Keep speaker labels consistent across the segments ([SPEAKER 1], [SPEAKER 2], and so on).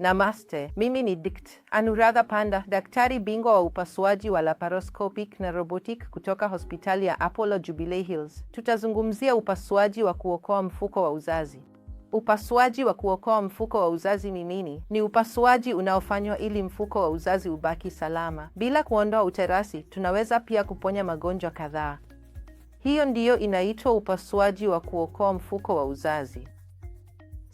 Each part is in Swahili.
[SPEAKER 1] Namaste, mimi ni Dikt Anuradha Panda, daktari bingwa wa upasuaji wa laparoscopic na robotic kutoka hospitali ya Apollo Jubilee Hills. Tutazungumzia upasuaji wa kuokoa mfuko wa uzazi. Upasuaji wa kuokoa mfuko wa uzazi ni nini ni upasuaji unaofanywa ili mfuko wa uzazi ubaki salama. Bila kuondoa uterasi, tunaweza pia kuponya magonjwa kadhaa. Hiyo ndiyo inaitwa upasuaji wa kuokoa mfuko wa uzazi.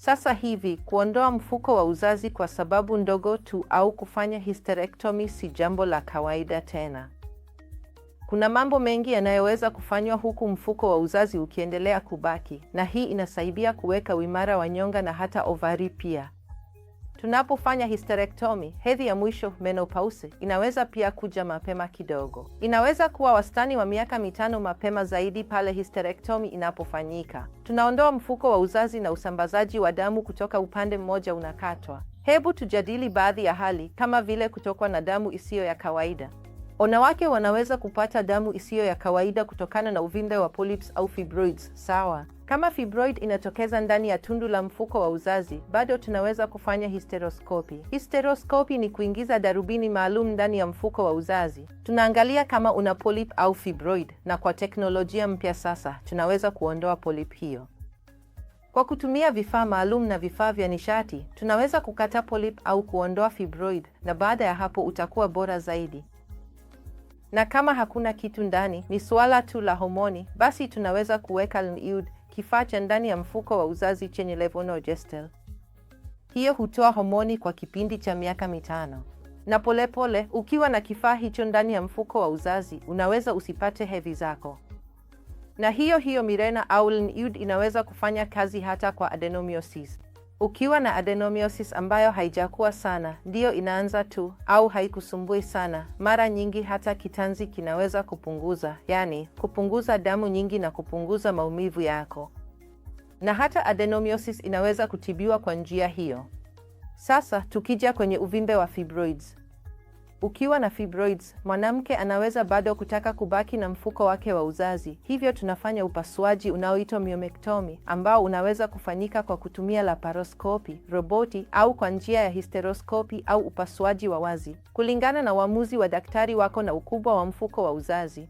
[SPEAKER 1] Sasa hivi kuondoa mfuko wa uzazi kwa sababu ndogo tu au kufanya hysterectomy si jambo la kawaida tena. Kuna mambo mengi yanayoweza kufanywa huku mfuko wa uzazi ukiendelea kubaki, na hii inasaidia kuweka uimara wa nyonga na hata ovari pia. Tunapofanya hysterektomi, hedhi ya mwisho menopause inaweza pia kuja mapema kidogo. Inaweza kuwa wastani wa miaka mitano mapema zaidi pale hysterektomi inapofanyika. Tunaondoa mfuko wa uzazi na usambazaji wa damu kutoka upande mmoja unakatwa. Hebu tujadili baadhi ya hali kama vile kutokwa na damu isiyo ya kawaida. Wanawake wanaweza kupata damu isiyo ya kawaida kutokana na uvimbe wa polyps au fibroids, sawa? Kama fibroid inatokeza ndani ya tundu la mfuko wa uzazi, bado tunaweza kufanya hysteroscopy. Hysteroscopy ni kuingiza darubini maalum ndani ya mfuko wa uzazi. Tunaangalia kama una polyp au fibroid, na kwa teknolojia mpya sasa tunaweza kuondoa polyp hiyo. Kwa kutumia vifaa maalum na vifaa vya nishati, tunaweza kukata polyp au kuondoa fibroid, na baada ya hapo utakuwa bora zaidi. Na kama hakuna kitu ndani, ni suala tu la homoni, basi tunaweza kuweka LNIUD kifaa cha ndani ya mfuko wa uzazi chenye levonorgestrel. Hiyo hutoa homoni kwa kipindi cha miaka mitano, na polepole pole, ukiwa na kifaa hicho ndani ya mfuko wa uzazi unaweza usipate hedhi zako. Na hiyo hiyo Mirena au Linuyud inaweza kufanya kazi hata kwa adenomyosis. Ukiwa na adenomyosis ambayo haijakuwa sana, ndiyo inaanza tu au haikusumbui sana, mara nyingi hata kitanzi kinaweza kupunguza, yani kupunguza damu nyingi na kupunguza maumivu yako. Na hata adenomyosis inaweza kutibiwa kwa njia hiyo. Sasa tukija kwenye uvimbe wa fibroids. Ukiwa na fibroids, mwanamke anaweza bado kutaka kubaki na mfuko wake wa uzazi, hivyo tunafanya upasuaji unaoitwa myomectomy ambao unaweza kufanyika kwa kutumia laparoskopi, roboti au kwa njia ya histeroskopi au upasuaji wa wazi, kulingana na uamuzi wa daktari wako na ukubwa wa mfuko wa uzazi.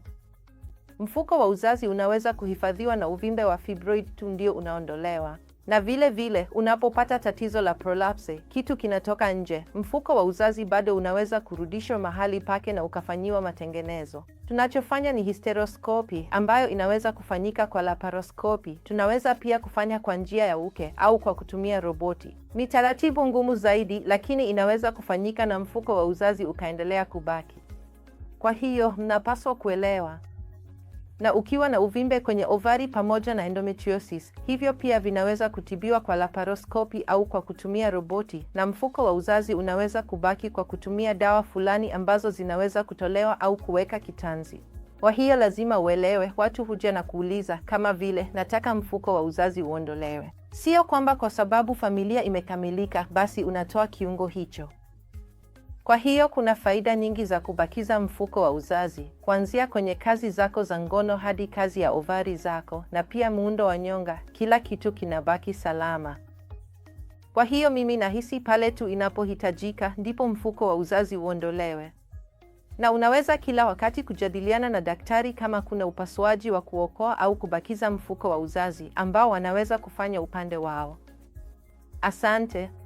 [SPEAKER 1] Mfuko wa uzazi unaweza kuhifadhiwa na uvimbe wa fibroid tu ndio unaondolewa. Na vile vile unapopata tatizo la prolapse, kitu kinatoka nje, mfuko wa uzazi bado unaweza kurudishwa mahali pake na ukafanyiwa matengenezo. Tunachofanya ni histeroskopi ambayo inaweza kufanyika kwa laparoskopi. Tunaweza pia kufanya kwa njia ya uke au kwa kutumia roboti. Ni taratibu ngumu zaidi, lakini inaweza kufanyika na mfuko wa uzazi ukaendelea kubaki. Kwa hiyo mnapaswa kuelewa na ukiwa na uvimbe kwenye ovari pamoja na endometriosis, hivyo pia vinaweza kutibiwa kwa laparoskopi au kwa kutumia roboti, na mfuko wa uzazi unaweza kubaki kwa kutumia dawa fulani ambazo zinaweza kutolewa au kuweka kitanzi. Kwa hiyo lazima uelewe, watu huja na kuuliza kama vile, nataka mfuko wa uzazi uondolewe. Sio kwamba kwa sababu familia imekamilika basi unatoa kiungo hicho. Kwa hiyo kuna faida nyingi za kubakiza mfuko wa uzazi, kuanzia kwenye kazi zako za ngono hadi kazi ya ovari zako na pia muundo wa nyonga, kila kitu kinabaki salama. Kwa hiyo mimi nahisi pale tu inapohitajika ndipo mfuko wa uzazi uondolewe. Na unaweza kila wakati kujadiliana na daktari kama kuna upasuaji wa kuokoa au kubakiza mfuko wa uzazi ambao wanaweza kufanya upande wao. Asante.